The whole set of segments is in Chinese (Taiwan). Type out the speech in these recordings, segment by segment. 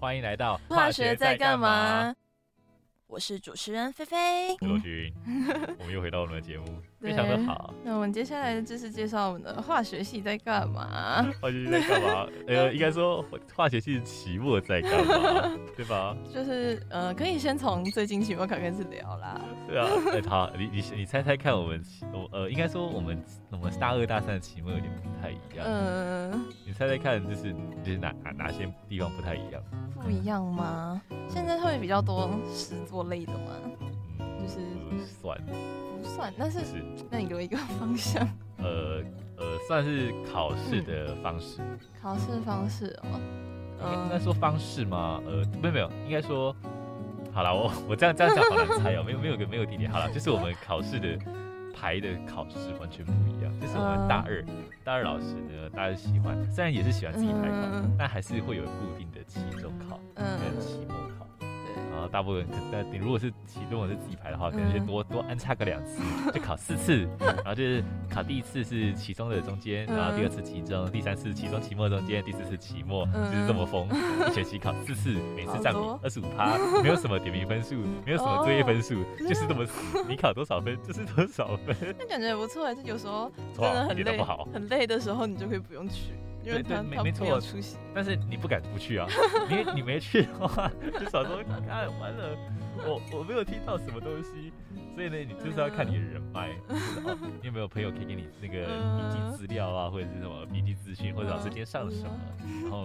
歡迎來到化學在幹嘛？嘛，我是主持人菲菲，嗯， 我們又回到我們的節目。非常的好。那我們接下來就是介紹我們的化學系在幹嘛。啊。化學系在幹嘛？呃、 欸，應該說化學系的期末在幹嘛， 對吧？就是呃，可以先從最近期末考開始聊啦。對啊，欸、好，你你你猜猜看，我們我呃，應該說我們我們大二大三的期末有點不太一樣。嗯嗯。你猜猜看、就是，就是就是哪哪哪些地方不太一樣？不一樣嗎？嗯、現在會比較多實作類的嗎？就是不算，不算，嗯不算是就是、那是那你給我一個方向，呃呃，算是考試的方式，嗯、考試方式哦，嗯、應該說方式嗎？呃，沒有沒有，應該說，好了，我我這樣這樣講好難猜哦、喔， 沒有沒有個沒有地點，好了，就是我們考試的排的考試完全不一樣，就是我們大二 大二老師呢，大家喜歡雖然也是喜歡自己排班、嗯，但還是會有固定的期中考跟期末考。然後大部分可能，但你如果是其中我是自己排的話，可能就多、嗯、多安插個兩次，就考四次。嗯、然後就是考第一次是期中的中間，嗯、然後第二次期中，第三次期中期末中間，嗯、第四次期末，嗯、就是這麼分。一學期考四次，嗯、每次佔比二十五趴，沒有什麼點名分數，沒有什麼作業分數，哦、就是這麼，這你考多少分就是多少分。那、嗯 嗯嗯、 感覺也不錯，就有時候真的很累、啊，很累的時候你就可以不用去。對對，沒沒錯，但是你不敢不去啊， 你你沒去的話，就少說。看完了，我我沒有聽到什麼東西，所以呢，你就是要看你的人脈、嗯嗯，你有沒有朋友可以給你那個筆記資料啊、嗯，或者是什麼筆記資訊，或者老師今天上了什麼，嗯、然後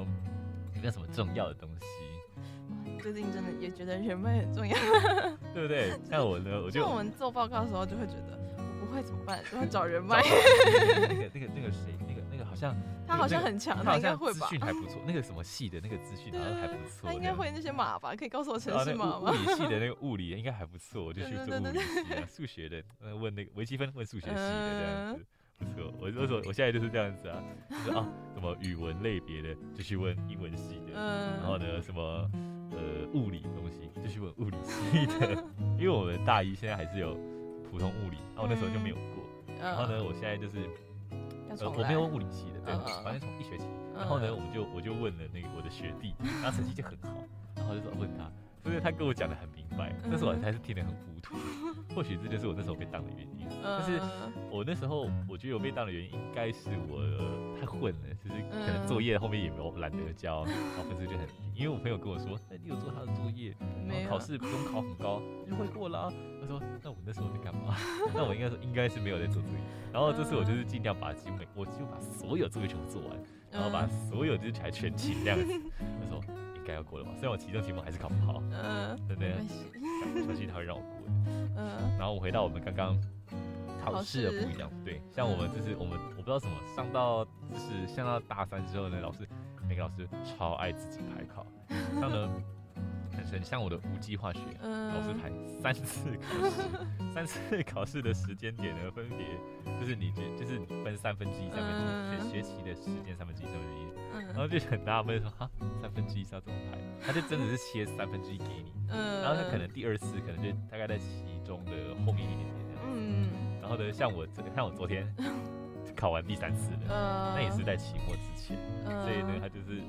有沒有什麼重要的東西。最、嗯、近、就是、真的也覺得人脈很重要， 對不對？像我呢，就是、我就因為我們做報告的時候就會覺得我不會怎麼辦， 就會找人脈、 那個。那個那個那個誰那個。那個好像那個、那個、他好像很強、那個，他應該會吧？資訊還不錯，那個什麼系的那個資訊好像還不錯。 他應該會那些碼吧？可以告訴我程式碼嗎？ 物理系的那個物理應該還不錯，我就去做物理系的。數學的，嗯， 問那個微積分，問數學系的這樣子，呃、不錯。我、嗯、我、我，現在就是這樣子啊，就是啊， 什麼語文類別的就去問英文系的，嗯、然後呢，什麼呃物理的東西就去問物理系的， 因為我們大一現在還是有普通物理，然、嗯、後、哦、那時候就沒有過、嗯，然後呢，我現在就是。呃，我沒有問物理系的，對，啊、反正從一學期，然後呢，我們就我就問了那個我的學弟，他、嗯、成績就很好，然後就說問他，所以他跟我講的很明白，但是我還是聽得很糊塗、嗯，或許這就是我那時候被當的原因。但是我那時候，我覺得我被當的原因，應該是我、呃、太混了，就是可能作業後面也沒有懶得交、嗯，然後分數就很低。因為我朋友跟我說，那、欸、你有做他的作業，啊、然後考試不用考很高、嗯，就會過了。我說，那我那時候在幹嘛，嗯啊？那我應該是應該是沒有在做作業。然後這次我就是盡量把機會，我就把所有作業全部做完，然後把所有就是全清這樣子。嗯、我說應該要過了吧，雖然我期中題目還是考不好。嗯，真的沒關係，我相信他會讓我過的。嗯，然後我回到我們剛剛。考試的不一樣，對，像我們就是我們，我不知道什麼，上到就是上到大三之後呢，老師，每個老師超愛自己排考，像 呢很像我的無機化學， 老師排三次考試， 三次考試的時間點呢，分別就是你覺就是分三分之一三分之一 學學習的時間三分之一三分之一，然後就很納悶說啊，三分之一是要怎麼排？他就真的是切三分之一給你，嗯， 然後他可能第二次可能就大概在其中的後面一點點這樣， 嗯。然後呢，像我這個，像我昨天考完第三次的，那、 呃、也是在期末之前，呃，所以呢，他就是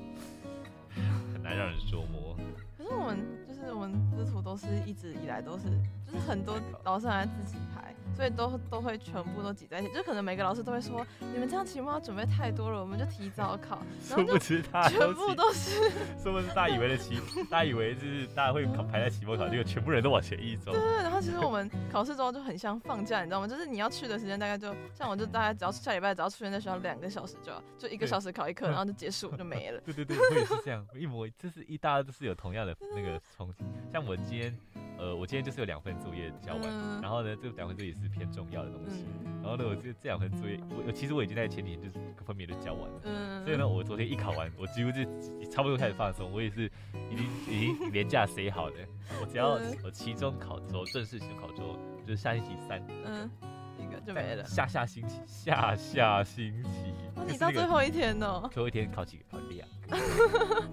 很難讓人琢磨。可是我們、嗯、就是我們支圖都是一直以來都是，就是很多老師還自己排。所以都都會全部都擠在一起，就可能每個老師都會說，你們這樣期末要準備太多了，我們就提早考。說不知他全部都是是不是大家以為的期， 大家以為就是大家會排在期末考，結、嗯、果全部人都往前一周。對，然後其實我們考試之後就很像放假， 你知道嗎？就是你要去的時間大概就像我就大概只要下禮拜只要出現在學校兩個小時就要，就一個小時考一科，然後就結束 就沒了。對對對，我也是這樣， 一模，這是一大家都是有同樣的那個衝擊、嗯。像我今天，呃，我今天就是有兩份作業交完、嗯，然後呢，這個兩份作業。是偏重要的東西、嗯，然後呢，我就這兩份作業，我其實我已經在前年就是分別都交完了、嗯，所以呢，我昨天一考完，我幾乎就，幾乎就差不多開始放鬆，我也是已經已經連假寫好了、嗯，我只要我期中考完，正式期中考完，就是下星期三，嗯，一個就沒了，下下星期，下下星期、啊就是那個，你到最後一天哦，最後一天考幾個考兩個 好好、哦，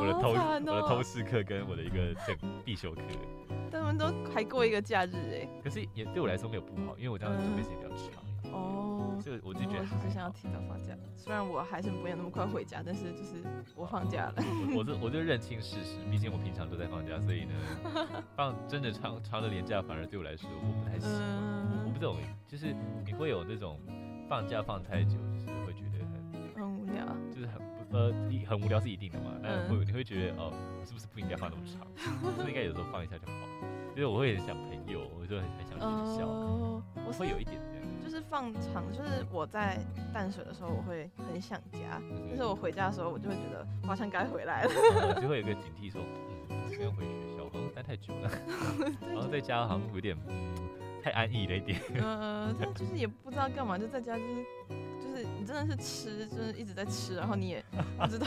我的通我的通識課跟我的一個必修課。他們都還過一個假日哎、欸，可是也對我來說沒有不好，因為我這樣準備時間比較長、嗯。哦，這個我,、哦、我就覺得，是想要提早放假。雖然我還是不會那麼快回家，但是就是我放假了。哦、我,我就我就認清事實，畢竟我平常都在放假，所以呢，放真的長長的年假反而對我來說我不太喜歡。嗯、我,我不是那種就是你會有那種放假放太久，就是會覺得很很無聊，就是很。呃，你很無聊是一定的嘛，但你會、嗯、你會覺得哦，我、呃、是不是不應該放那麼長？是，不是應該有時候放一下就好， 因為我會很想朋友，我就會很很想學校、呃，會有一點這樣。就是放長，就是我在淡水的時候，我會很想家，就是，但是我回家的時候，我就會覺得好像該回來了。我、 呃、就會有個警惕說，嗯，就是、不用回學校，黃、呃、待太久了， 然後在家好像有點太安逸了一點。嗯、呃，他 就是也不知道幹嘛，就在家就是。你真的是吃，就是一直在吃，然後你也不知道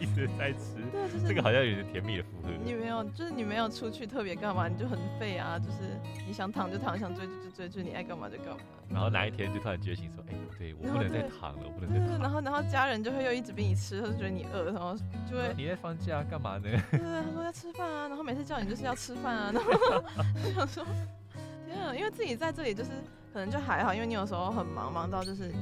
一直在吃。對、就是，這個好像有點甜蜜的負擔。你沒有，就是你沒有出去特別幹嘛，你就很廢啊。就是你想躺就躺，想追就就追，追，追你愛幹嘛就幹嘛。然後哪一天就突然覺醒說：“哎、欸，對我不能再躺了，我不能再躺。然躺”然後，然後家人就會又一直逼你吃，他就覺得你餓，然後就會。你在放假幹嘛呢？對、對、對，他說要吃飯啊。然後每次叫你就是要吃飯啊。然後 對、啊、就想說，天啊，因為自己在這裡就是可能就還好，因為你有時候很忙，忙到就是。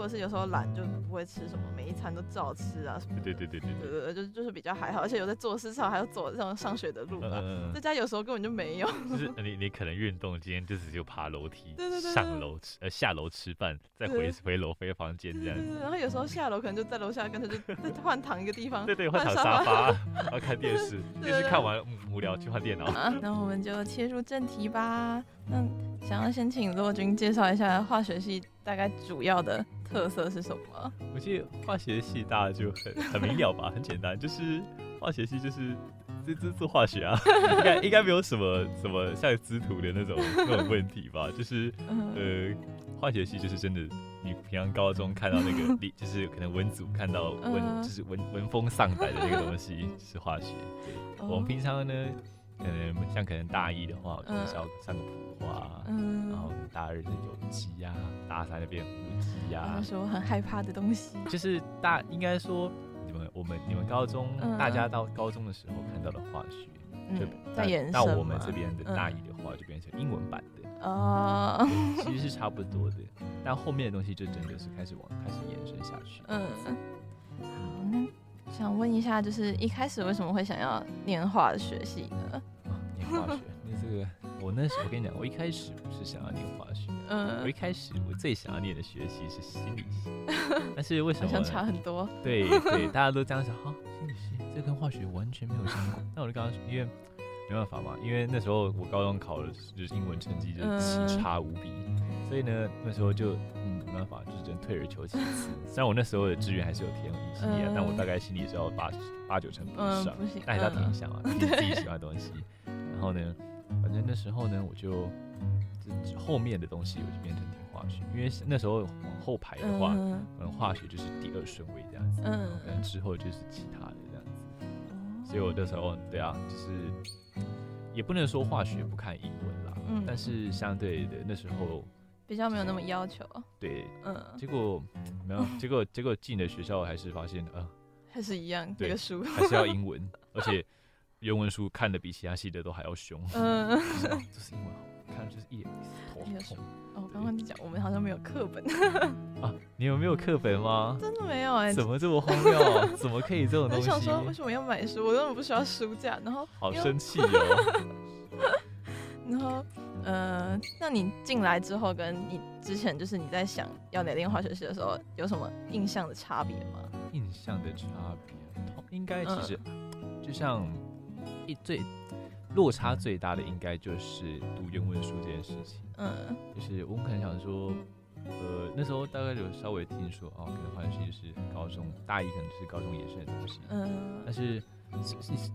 或是有時候懶就不會吃什麼，每一餐都照吃啊什麼。對對對對對對,對,對,對,對就，就就是比較還好，而且有在做事上還要走這種上學的路嘛、呃、在家有時候根本就沒有。就是你你可能運動今天就只就爬樓梯，對對對對上樓、呃、吃呃下樓吃飯，再回回樓回房間這樣子對對對對。然後有時候下樓可能就在樓下跟着就換躺一個地方，對對換躺沙發， 沙發 然後看電視，電視看完無,無聊去換電腦。然後、 啊、我們就切入正題吧，那想要先請洛君介紹一下化學系。大概主要的特色是什麼？我記得化學系大家就很很明了吧，很簡單，就是化學系就是這這 做化學啊，應該應該沒有什麼什麼像制圖的那種那種問題吧。 就是呃，化學系就是真的，你平常高中看到那個， 就是可能文組看到聞， 就是聞聞風喪膽的那個東西 是化學。對 我們平常呢，可能像可能大一的話， 可能要上個。哇，嗯，然後大二的有機呀，大三的變無機呀，那時候很害怕的東西。嗯、就是大應該說你們我們你們高中、嗯、大家到高中的時候看到的化學，就，嗯、在延伸到我們這邊的大一的話就變成英文版的哦、嗯嗯，其實是差不多的， 但後面的東西就真的是開始往開始延伸下去。嗯，好，想問一下，就是一開始為什麼會想要念化學系呢？啊、嗯，念化學。 我那時候，跟你講，我一開始不是想要念化學，嗯，我一開始我最想要念的學習是心理學、嗯，但是為什麼好像差很多、嗯？對對，大家都這樣想，哈， 心理學，這跟化學完全沒有相關。 那我就告訴你，因為沒辦法嘛，因為那時候我高中考的就是英文成績就是奇差無比、嗯，所以呢，那時候就嗯，沒辦法，就是只能退而求其次、嗯。雖然我那時候的志願還是有填心理，但我大概心里學有八八九成不上，嗯、不但也要填一下嘛、嗯、填自己喜歡的東西。然後呢？反正那時候呢，我就後面的東西我就變成聽化學，因為那時候往後排的話，嗯、可能化學就是第二順位這樣子，嗯，之後就是其他的這樣子。所以我那時候，對啊，就是也不能說化學不看英文啦，嗯，但是相對的那時候、就是、比較沒有那麼要求，對，嗯。結果沒有，結果結果進了學校還是發現啊、呃，還是一樣，對，這個、書還是要英文， 而且。原文書看得比其他系的都還要凶。嗯，這是英文好看，看的就是一臉頭痛。哦，我剛剛在講，我們好像沒有課本。啊，你有沒有課本嗎、嗯？真的沒有哎、啊。怎麼這麼荒謬 怎麼可以這種東西？我想說，為什麼要買書？我根本不需要書架。然後好生氣、哦。 然後，呃，那你進來之後，跟你之前就是你在想要哪邊化學系的時候，有什麼印象的差別嗎？印象的差別，應該其實就像。最落差最大的應該就是讀英文書這件事情。嗯，就是我們可能想說，呃，那時候大概有稍微聽說，哦，可能好像是也是高中大一，可能就是高中延伸的東西。嗯，但是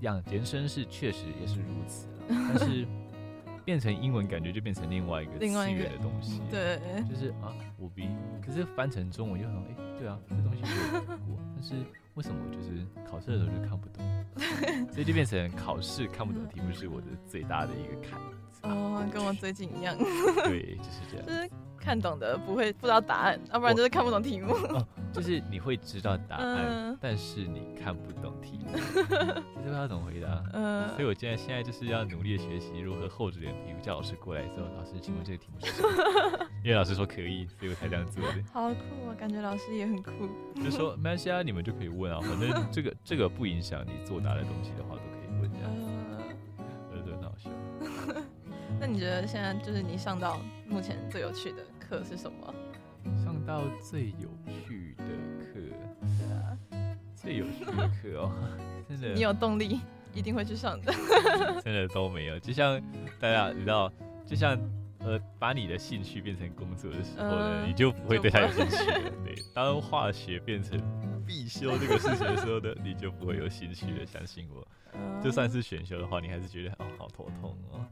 養延伸是確實也是如此、嗯，但是 變成英文感覺就變成另外一個次元的東西。對，就是啊，我比可是翻成中文就想，哎、欸，對啊，這個、東西我聽過， 但是。為什麼我就是考試的時候就看不懂， 所以就變成考試看不懂題目是我的最大的一個坎。哦、啊 oh,，跟我最近一樣。 對，就是這樣。看懂的不會不知道答案，要、啊、不然就是看不懂題目。哦 哦、就是你會知道答案、呃，但是你看不懂題目，不知道怎麼回答。嗯、呃，所以我現在現在就是要努力的學習如何厚着臉皮叫老師過來，所以老師，請問這個題目是什麼？ 因為老師說可以，所以我才這樣做的。好酷啊、喔，感覺老師也很酷。就說沒關係啊，你們就可以問啊、喔，反正這個這個不影響你作答的東西的話，都可以問這樣子。嗯、呃，我覺得好笑。那你覺得現在就是你上到目前最有趣的課是什麼？上到最有趣的課。對啊、 最有趣的課哦，真的。你有動力，嗯、一定會去上的。 真的都沒有，就像大家你知道，就像呃，把你的興趣變成工作的時候呢，嗯、你就不會對他有興趣了 對，當化學變成必修這個事情的時候呢， 你就不會有興趣了。相信我、嗯，就算是選修的話，你還是覺得好好哦，好頭痛哦。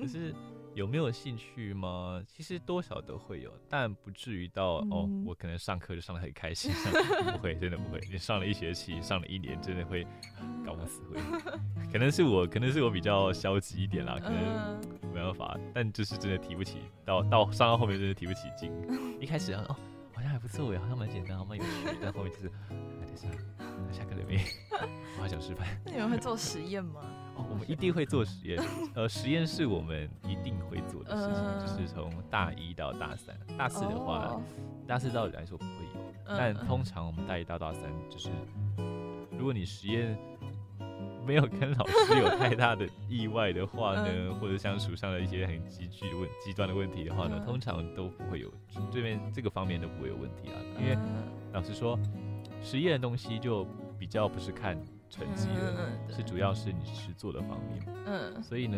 可是。有沒有興趣嗎？其實多少都會有，但不至於到、嗯、哦，我可能上課就上得很開心、啊，不會，真的不會。你上了一學期，上了一年，真的會搞不死會、嗯。可能是我，可能是我比較消極一點啦，可能沒辦法、嗯。但就是真的提不起，到到上到後面真的提不起勁。一開始哦，好像還不錯耶，好像蠻簡單，好像蠻有趣。但後面就是還上、哎嗯，下課了沒？我還想失敗。那 你們會做實驗嗎？我們一定會做實驗，呃，實驗是我們一定會做的事情， 就是從大一到大三，大四的話，oh. 大四照理來說不會有。但通常我們大一到大、大三，就是如果你實驗沒有跟老師有太大的意外的話呢， 或者相處上的一些很急劇問極端的問題的話呢，通常都不會有這邊這個方面都不會有問題啊。因為老師說，實驗的東西就比較不是看。成績了，嗯，是主要是你實作的方面，嗯，所以呢，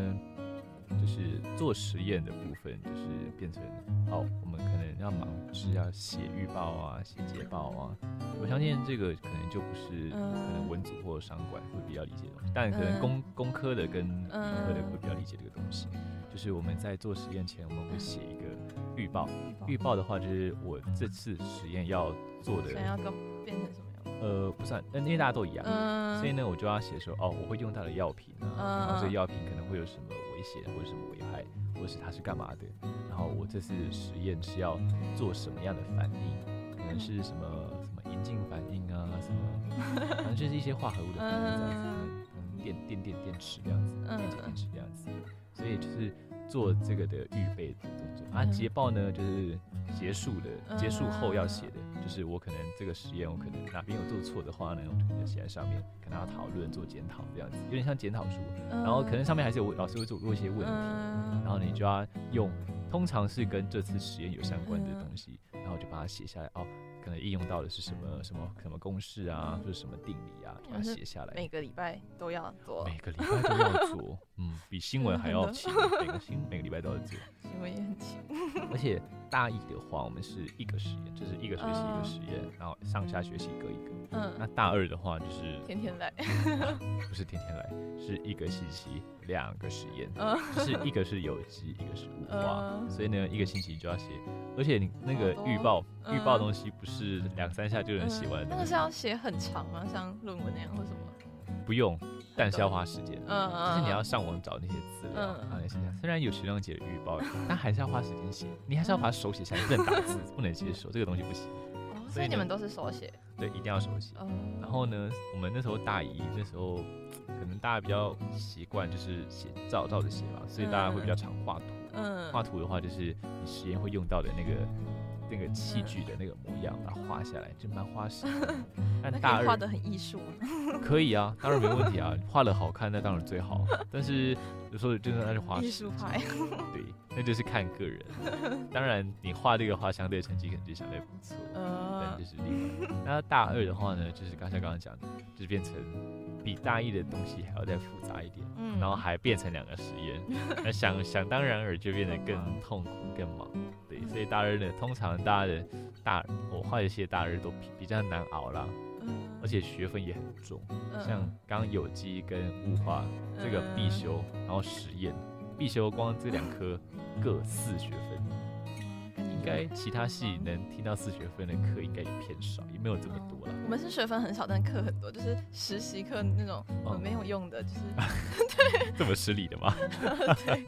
就是做實驗的部分就是變成，哦，我們可能要忙，就是要寫預報啊，寫結報啊。嗯。我相信這個可能就不是，嗯，可能文組或者商管會比較理解的，的但可能工，嗯，工科的跟理科的會比較理解這個東西。就是我們在做實驗前，我們會寫一個預報，預報，預報的話就是我這次實驗要做的，嗯，想要更變成什麼？呃，不算、呃，因為大家都一樣，uh, 所以呢，我就要寫說，哦，我會用到的藥品啊，uh, 然後這個藥品可能會有什麼危險、啊，或者什麼危害，或者是它是幹嘛的，然後我這次實驗是要做什麼樣的反應，可能是什麼、uh, 什麼銀鏡反應啊，什麼，反正就是一些化合物的反應這樣子，可、uh, 能電電電電池這樣子，uh, 電池電池這樣子，所以就是做這個的預備工作。啊，結報呢，就是結束的結束後要寫的。就是我可能這個實驗，我可能哪邊有做錯的話呢，我就寫在上面，跟大家討論做檢討這樣子，有點像檢討書。然後可能上面還是有老師會做過一些問題，然後你就要用，通常是跟這次實驗有相關的東西，然後就把它寫下來。哦，可能應用到的是什麼什麼什麼公式啊，或者什麼定理啊，把它寫下來。每個禮拜都要做。每個禮拜都要做。嗯，比新聞還要勤。嗯，每個星 每個禮拜都要做新聞也很勤，而且大一的話，我們是一個實驗，就是一個學期，一個實驗。呃，然後上下學期各一,一個。嗯，那大二的話就是天天來， 不是天天來，是一個星期兩個實驗，嗯，就是一個是有機，一個是無機。呃，所以呢一個星期就要寫，而且你那個預報預、嗯、報東西不是兩三下就能寫完。嗯、那個是要寫很長嗎？像論文那樣或什麼？不用。但是要花時間、嗯，就是你要上網找那些資料啊。嗯、那些雖然有學長姐的預報、嗯，但還是要花時間寫、嗯，你還是要把手寫下來，嗯、不能打字，嗯、不能接受、嗯、這個東西不行、哦所。所以你們都是手寫？對，一定要手寫、嗯。然後呢，我們那時候大一那時候，可能大家比較習慣就是寫照照着寫吧。所以大家會比較常畫圖。嗯，畫、嗯、圖的話，就是你實驗會用到的那個。那個器具的那個模樣，把它畫下來，就蠻花時間。那、嗯、大二畫得 很藝術。 可以啊，當然沒問題啊，畫得好看那當然最好。 但是說就是說那是畫藝術派。 對，那就是看個人。當然，你畫這個畫，相對的成績可能就相對不錯。嗯、呃。但就是厲害 那大二的話呢，就是剛才剛剛講，的，就是、變成比大一的東西還要再複雜一點。嗯。然後還變成兩個實驗，那、嗯、想想當然爾就變得更痛苦、嗯、更忙。所以大二的，通常大二的大人我畫一系大二都比，比較難熬了、嗯，而且學分也很重，嗯、像剛有機跟物化這個必修，嗯、然後實驗必修，光這兩科、嗯、各四學分，應該其他系能聽到四學分的課應該也偏少，也沒有這麼多了、嗯。我們是學分很少，但課很多，就是實習課那種很沒有用的，就是、哦、 對這麼失禮的嗎？ 對，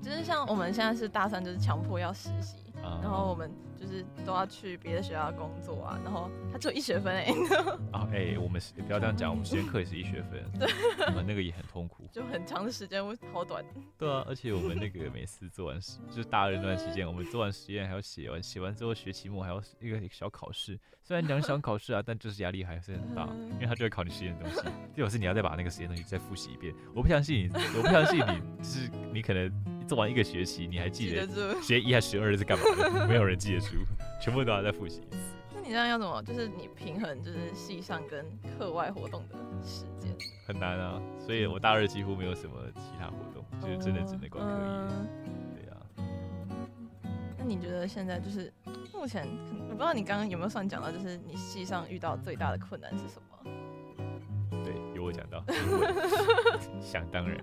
就是像我們現在是大三，就是強迫要實習。然後我們就是都要去別的學校的工作啊，然後他只有一學分哎、欸。 啊哎、欸，我們不要這樣講，我們實驗課也是一學分。對、 嗯，我們那個也很痛苦，就很長的時間，好短。對啊，而且我們那個每次做完實， 就是大二那段時間，我們做完實驗還要寫完，寫完之後學期末還要一個小考試。雖然講小考試啊， 但就是壓力還是很大，因為它就會考你實驗的東西，最好是你要再把那個實驗東西再複習一遍。我不相信你，我不相信你，就 是你可能。做完一個學期，你還記得學，學一還是學二是幹嘛的？沒有人記得住， 全部都要再複習。那你這樣要怎麼？就是你平衡就是系上跟課外活動的時間？很難啊，所以我大二幾乎沒有什麼其他活動，嗯、就是真的只能管科一。對啊。那你覺得現在就是目前，我不知道你剛剛有沒有算講到，就是你系上遇到最大的困難是什麼？對，有我講到， 想當然。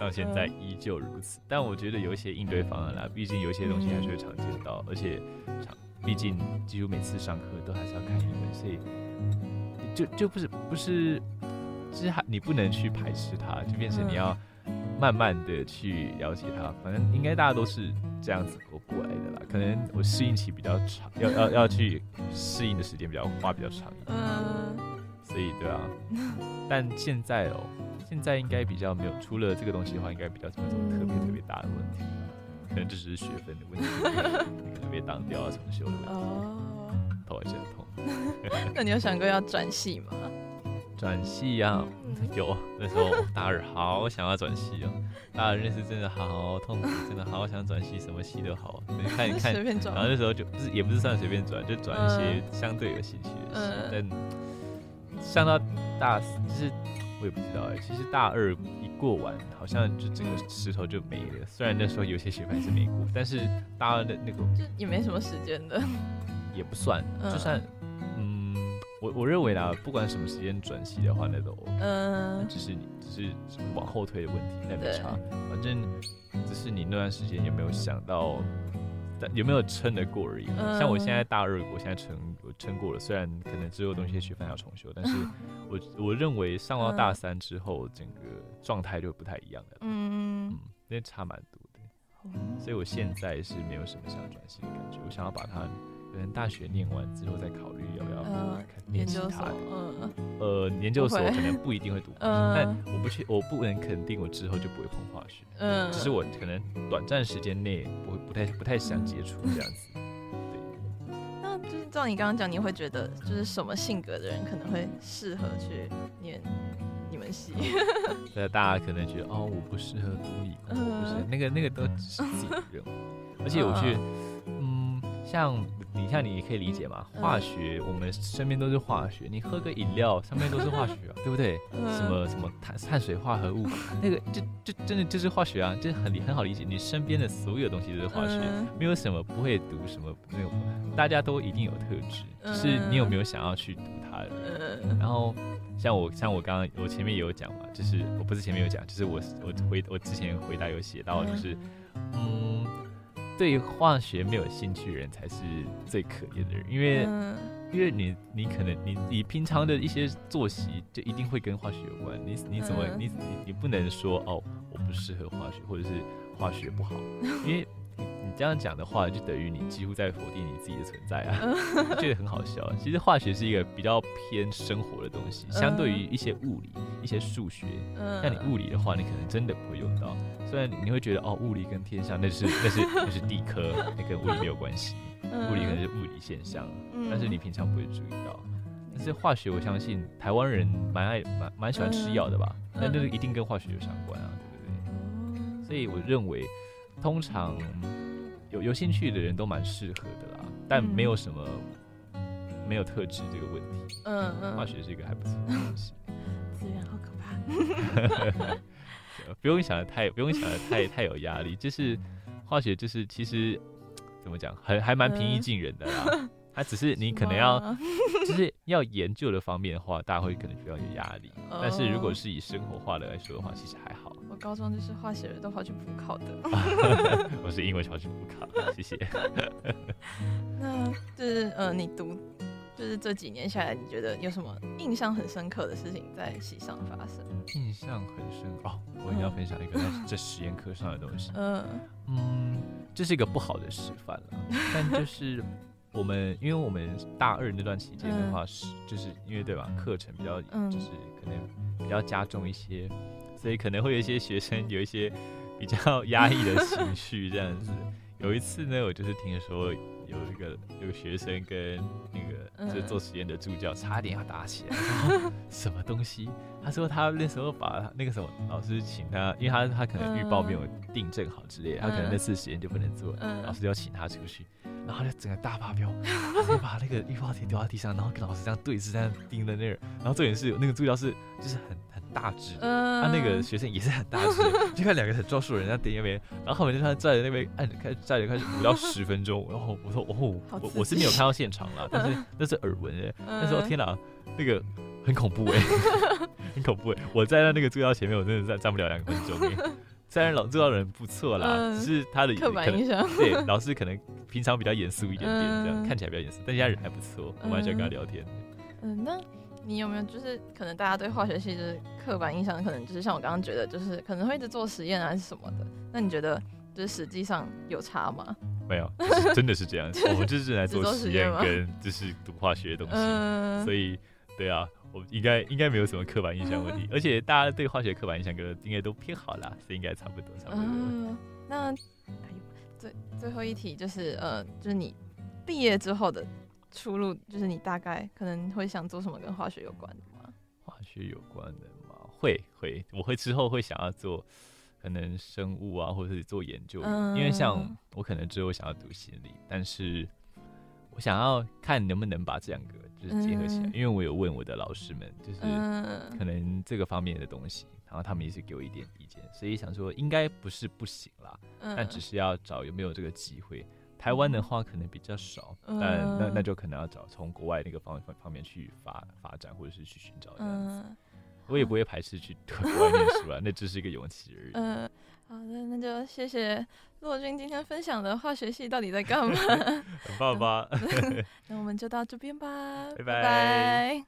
到現在依舊如此，yeah. 但我覺得有一些應對方案啦。畢竟有一些東西還是會常見到，嗯、而且，畢竟幾乎每次上課都還是要看英文，所以就就不是不是，就是還你不能去排斥它，就變成你要慢慢的去了解它。反正應該大家都是這樣子過過來的啦。可能我適應期比較長，要要要去適應的時間比較花比較長一點，嗯、uh.，所以對啊，但現在哦、喔。 現在應該比較沒有，出了這個東西的話，應該比較沒有什麼特別特別大的問題，嗯、可能只是學分的問題，可能被當掉啊什麼修的問題哦，頭也覺得痛。 那你有想過要轉系嗎？轉系啊，有那時候大二好想要轉系哦，大二認識真的好痛苦，真的好想轉系，什麼系都好，你看你看， 然後那時候就不、就是也不是算隨便轉，就轉一些相對有興趣的系，嗯、但上到大四就是。我也不知道哎、欸，其實大二一過完，好像就整個石頭就沒了。雖然那時候有些學分是沒過，但是大二的那個就也沒什麼時間的、嗯，也不算，嗯、就算嗯，我我認為呢、啊，不管什麼時間轉系的話，那都 OK，嗯，只是你只是往後推的問題，那沒差。反正只是你那段時間有沒有想到。有沒有撐得過而已、啊？像我現在大二，我現在撐，我撐過了。雖然可能只有東西學分要重修，但是我我認為上到大三之後，整個狀態就不太一樣了。嗯嗯嗯，那差蠻多的、嗯。所以我現在是沒有什麼想要轉型的感覺，我想要把它。可能大學念完之後再考慮要不要讀、呃、研究所。嗯、呃、嗯。呃，研究所可能不一定會讀。嗯。但我不去，我不能肯定我之後就不會碰化學。嗯、呃。只是我可能短暫時間內不會，不太不太想接觸這樣子、嗯。對。那就是照你剛剛講，你會覺得就是什麼性格的人可能會適合去念你們系？呃、 對，大家可能覺得哦，我不適合讀理工，呃、不是那個那個都只是自己的任務，而且我去。嗯嗯像你像你可以理解嗎？化學、嗯，我們身邊都是化學。你喝個飲料，上面都是化學、啊，對不對？嗯、什麼什麼碳碳水化合物，那個就就真的就是化學啊，就很理很好理解。你身邊的所有東西都是化學，嗯、沒有什麼不會讀什麼沒有，大家都一定有特質，只、就是你有沒有想要去讀它的。嗯、然後像我像我剛剛我前面也有講嘛，就是我不是前面有講，就是我我回我之前回答有寫到，就是嗯。嗯對化學沒有興趣的人才是最可憐的人，因為、嗯、因為你你可能你你平常的一些作息就一定會跟化學有關，你你怎麼、嗯、你你你不能說哦，我不適合化學或者是化學不好，因為。 你這樣講的話，就等於你幾乎在否定你自己的存在啊！ 我覺得很好笑。其實化學是一個比較偏生活的東西，相對於一些物理、一些數學。嗯。你物理的話，你可能真的不會用到。 雖然你，你會覺得哦，物理跟天上那是那是那是地科，那跟物理沒有關係。物理可能是物理現象，但是你平常不會注意到。但是化學，我相信台灣人蠻愛蠻蠻喜歡吃藥的吧？但那這是一定跟化學有相關啊，對不對？所以我認為，通常。有有興趣的人都蠻適合的啦，但沒有什麼，沒有特質這個問題。嗯、呃、化學是一個還不錯的東西。資、呃、源、呃、好可怕。 不用想的太，不用想的太 太有壓力。就是化學，就是其實怎麼講，還還蠻平易近人的啦。呃 那、啊、只是你可能要，是 就是要研究的方面的話，大家會可能需要有壓力。但是如果是以生活化的來說的話，呃、其實還好。我高中就是化學都跑去補考的， 我是英文跑去補考的，謝謝。 那、就是呃，你讀就是這幾年下來，你覺得你有什麼印象很深刻的事情在系上發生？印象很深刻哦，我也要分享一個在、嗯、實驗課上的東西、呃。嗯，這是一個不好的示範 但就是。我們因為我們大二那段期間的話是、嗯、就是因為對吧課程比較就是可能比較加重一些、嗯，所以可能會有一些學生有一些比較壓抑的情緒這樣子、嗯嗯。有一次呢，我就是聽說有一個有一個學生跟那個、嗯、就是、做實驗的助教差點要打起來，嗯、什麼東西、嗯？他說他那時候把那個時候老師請他，因為他他可能預報沒有訂正好之類、嗯，他可能那次實驗就不能做，嗯嗯、老師就要請他出去。然後就整個大發飆，直接把那個氯化鐵丟在地上，然後跟老師這樣對視，在那盯着那兒。然後重點是，有、那個、那個助教是就是很很大隻，他、嗯啊、那個學生也是很大隻、嗯，就看兩個很壯碩的人在那邊，然後後面就他站在那邊按，開始站着開始五到十分鐘。然後我說哦，我我，我是沒有看到現場了，但是那是耳聞誒、欸。那時候天吶，那個很恐怖誒、欸，嗯、 很恐怖誒、欸。我站在那個助教前面，我真的站站不了兩分鐘、欸嗯。雖然老助教的人不錯啦，嗯、只是他的刻板印象可能對，老師可能。平常比較嚴肅一點點，這樣、嗯、看起來比較嚴肅，但現在人還不錯，我蠻喜歡跟他聊天嗯，嗯，那你有沒有就是可能大家對化學系的刻板印象，可能就是像我剛剛覺得，就是可能會一直做實驗還是什麼的？那你覺得就是實際上有差嗎？沒有，就是、真的是這樣， 我們就是正在做實驗跟就是讀化學的東西，嗯、所以對啊，我應該應該沒有什麼刻板印象問題，嗯、而且大家對化學的刻板印象可能應該都偏好啦，所以應該差不多差不多。嗯，那、哎呦最最後一題就是呃，就是你畢業之後的出路，就是你大概可能會想做什麼跟化學有關的嗎？化學有關的嗎？會會，我會之後會想要做可能生物啊，或者是做研究。嗯，因為像我可能之後想要讀心理，但是我想要看能不能把這兩個就是結合起來。嗯，因為我有問我的老師們，就是可能這個方面的東西。然後他們也是給我一點意見，所以想說應該不是不行啦、嗯，但只是要找有沒有這個機會。台灣的話可能比較少，嗯、但那那就可能要找從國外那個方方方面去發發展，或者是去尋找這樣子。嗯、我也不會排斥去對國外念書了，嗯、那只是一個勇氣而已。嗯，好的，那就謝謝駱軍今天分享的化學系到底在幹嘛。 很棒吧。那， 那我們就到這邊吧。拜拜。拜拜。